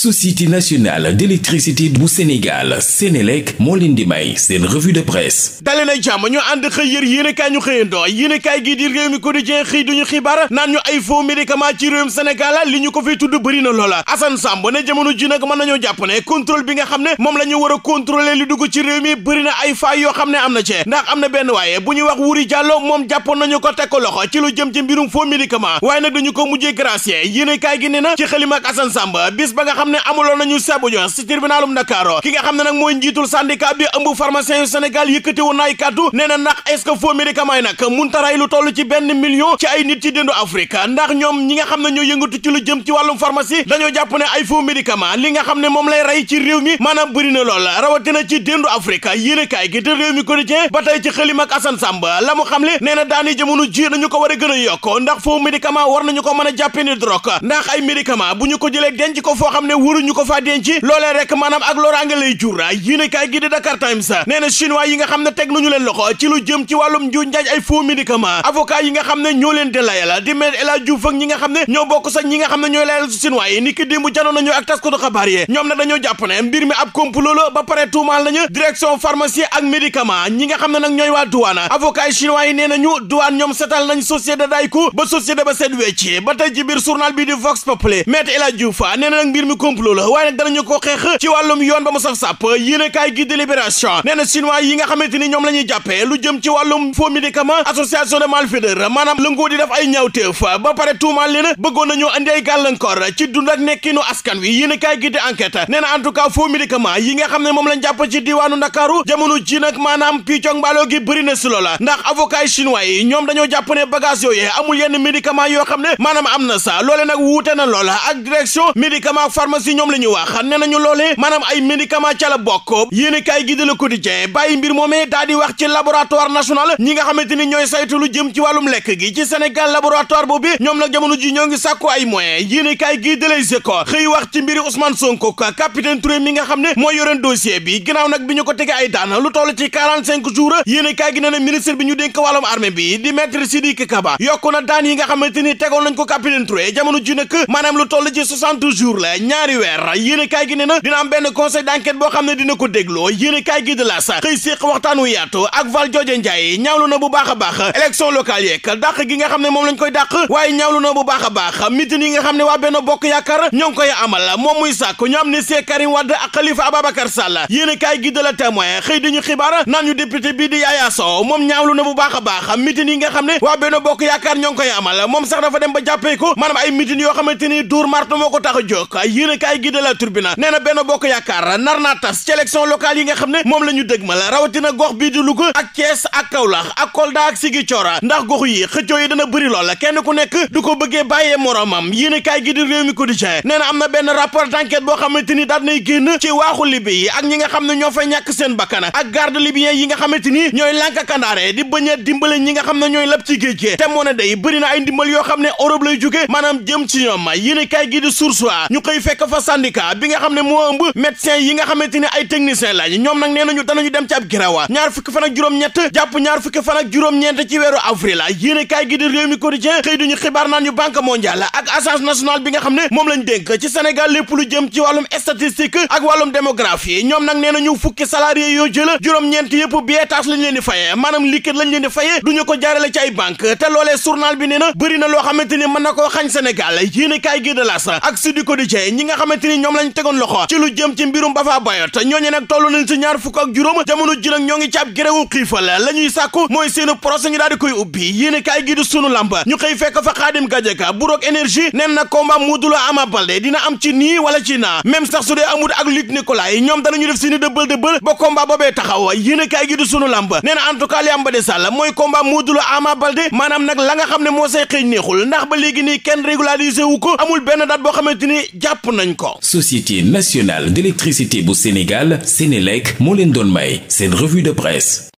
société nationale d'électricité bu Sénégal Sénélec moo leen di may seen revue de presse dalee jàmm ñu ànd xëy yër yéenekaay ñu xëyandoo yéenekaay gii di réew mi quotidien xëy duñu xibaar naan ñu ay faux médicament ci réewum Sénégal li ñu ko fi tudd bëri loola Assane Samb ne jamono ji nag mën nañoo jàpp ne contrôle bi nga xam ne moom la ñu war a contrôler li dugg ci réew mi bëri ay faay yoo xam ne am na ci ndax am na benn waaye bu ñu wax Wuri Diallo moom jàppoon ko teg ko loxo ci lu jëm ko mujjee gracier yéenekaay ne amuloon nañu sebu jo si tribunalum Dakar ki nga xam ne na mooy njiitul syndicat bi ëmb pharmacien yu Sénégal yëkkati woon naay kàddu nee na ndax est-ce que faux médicament yi nag munta toll ci benn million ci ay nit ci déndu Afrique ndax ñoom ñi nga xam ne ñoo yëngatu ci lu jëm ci wàllum pharmacie dañoo jàpp ne ay faux médicament li nga xam ne moom lay rey ci réew mi maanaam bëri na lool rawatina ci déndu Afrique yéene kaay gi te réew mi quotidien ba tey ci xëlim ak la mu xam le nee na daani jamono ji nañu ko war a gën a yokk ndax faux médicament war nañu ko mën a jàppe ni drogue ndax ay médicament bu ñu ko jëlee denc ko foo xam ne ñu ko faa denc loolee rek maanaam ak loraange lay jur yéen kaay gi di Dakar Times nee na chinois yi xam ne teg nañu leen loxo ci lu jëm ci wàllum njuuj njaaj ay faux médicament avocat yi nga xam ne ñoo leen delayal di Me El Hadji Diouf ak ñi nga xam ne ñoo bokk sax ñi nga xam ne ñooy layal chinois yi ni ki démb janoon nañu ak taskatu xabaar yi ñoom nag dañoo jàpp mbir mi ab complot ba pare tuumaal nañu direction pharmacie ak médicament ñi nga xam ne nag ñooy waa douane avocat yi chinois yi nee nañu douane ñoom setal nañ société dayku ba société ba seet wecc ba tey ci biir journal bi di Vox Populi Me complot la waaye a danañu ko xeex ci wàllum yoon ba mu saf sàpp yéene kaay gi délibération nee na chinois yi nga xamante ñoom la jàppee lu jëm ci wàllum faux médicament association de malfaiteurs maanaam lëngoo di def ay ñaawteef ba pare tuumaal leen bëggoon nañoo andi ay gàllankoor ci dund ak nekkinu askan wi yéene kaay gi di enquête nee na en tout cas faux xam ne moom lañ jàpp ci diwaanu Ndakaaru jamono ji nag maanaam piccog mbaaloo gi bëri si yi ñoom la ñuy wax nee nañu loolee maanaam ay médicament ca la bokk yéen kaay gi de Le Quotidien bàyyi mbir moomee daa wax ci laboratoire national ñi nga xamante ni ñooy saytu lu jëm ci wàllum lekk gi ci Sénégal laboratoire boobu ñoom nag jamono ji ñoo ngi sàkku ay moyens yéen kaay gi de Les Échos xëy wax ci mbiri Ousmane Sonko capitaine Touré mi nga xam ne moo yoreen dossier bi ginnaaw nag bi ñu ko tege ay daan lu toll ci quarante cinq jours yéen kaay ni tegoon nañ ko capitaine Touré jamono ji nag ñaari weer yéen a ne na dina am benn conseil d'enquête boo a kaay la sax xëy na bu baax a baax élection locale gi nga xam ne moom lañ koy dàq waaye ñaawlu na bu baax a baax mitin nga xam ne waa benn bokk yaakaar ñoo ngi koy amal moom muy sàkk ñu amnistie Karim Wade ak a la témoin xëy dañu xibaar naan ñu député bii di Yaya Sow moom ñaawlu na bu baax a baax mitin yi nga xam ne waa benn bokk yaakaar ñoo ngi koy amal moom sax dafa dem ba jàppee ko maanaam ay mitin yoo xamante ni duur marte ko tax a jóg kaay gi de la turbina nee na benn bokk yaakaar nar naa tas ci élection yi nga xam ne moom la ñu dëg ma la rawatina gox bii di Louga ak Thiès ak Kaolack ak Kolda ak Ziguinchor ndax gox yi xëccoo yi dana bëri lool kenn ku nekk du ko bëggee bàyyee moroomam yéen kaay gi di réew mi quotidien nee na am na benn rapport d'enquête boo xamante ni daal nay génn ci waaxu Libye yi ak ñi nga xam ne ñoo fay ñàkk seen bakkan ak garde libyen yi nga xamante ni ñooy lànk kandaare di bañ a dimbale ñi nga xam ne ñooy lab ci géej gi te moo ne day bëri yoo xam ne Europe lay jóge maanaam jëm ci ñoom yéen kaay gi di source ñu xëy fekk dafa syndicat bi nga xam ne moo ëmb médecin yi nga xamante ni ay technicien lañu ñoom nag nee nañu danañu dem ci ab girawa ñaar fukki fan ak juróom-ñett jàpp ñaar fukki fan ak juróom-ñeent ci weeru avril yéene kaay gi di réew mi quotidien xëy duñu xibaar naan ñu banque mondiale ak agence nationale bi nga xam ne moom lañ dénk ci Sénégal lépp lu jëm ci wàllum statistique ak wàllum démographie ñoom nag nee nañu fukki salarié yoo jël juróom-ñeent yëpp bieetaas lañ leen di fayee maanaam liquide lañ leen loo xamante ni mën na koo xañ Sénégal yéene kaay gi de nga xamante ni ñoom lañ tegoon loxo ci lu jëm ci mbirum Baffa Bayotte ñooñu nag toll nañ si ñaar fukk ak juróom jamono ji nag ñoo xiifal la ñuy sàkku mooy seenu procès ñu koy ubbi yéen kaay gi di lamb ñu xëy fekk Xaadim Gadiaga Burook énergie nen na combat Modou Lo Ama Baldé dina am ci nii wala ci naa même sax su dee amul ak Luc Nicolaï ñoom danañu def seeni dëbbal dëbbal ba combat boobee taxaw yéen kaay gi di sunu lamb nee na en am moo say xëy neexul ndax ba léegi nii kenn wu ko amul benn date boo xamante nañ ko société nationale d'électricité bu Sénégal Sénélec moo leen doon may seen revue de presse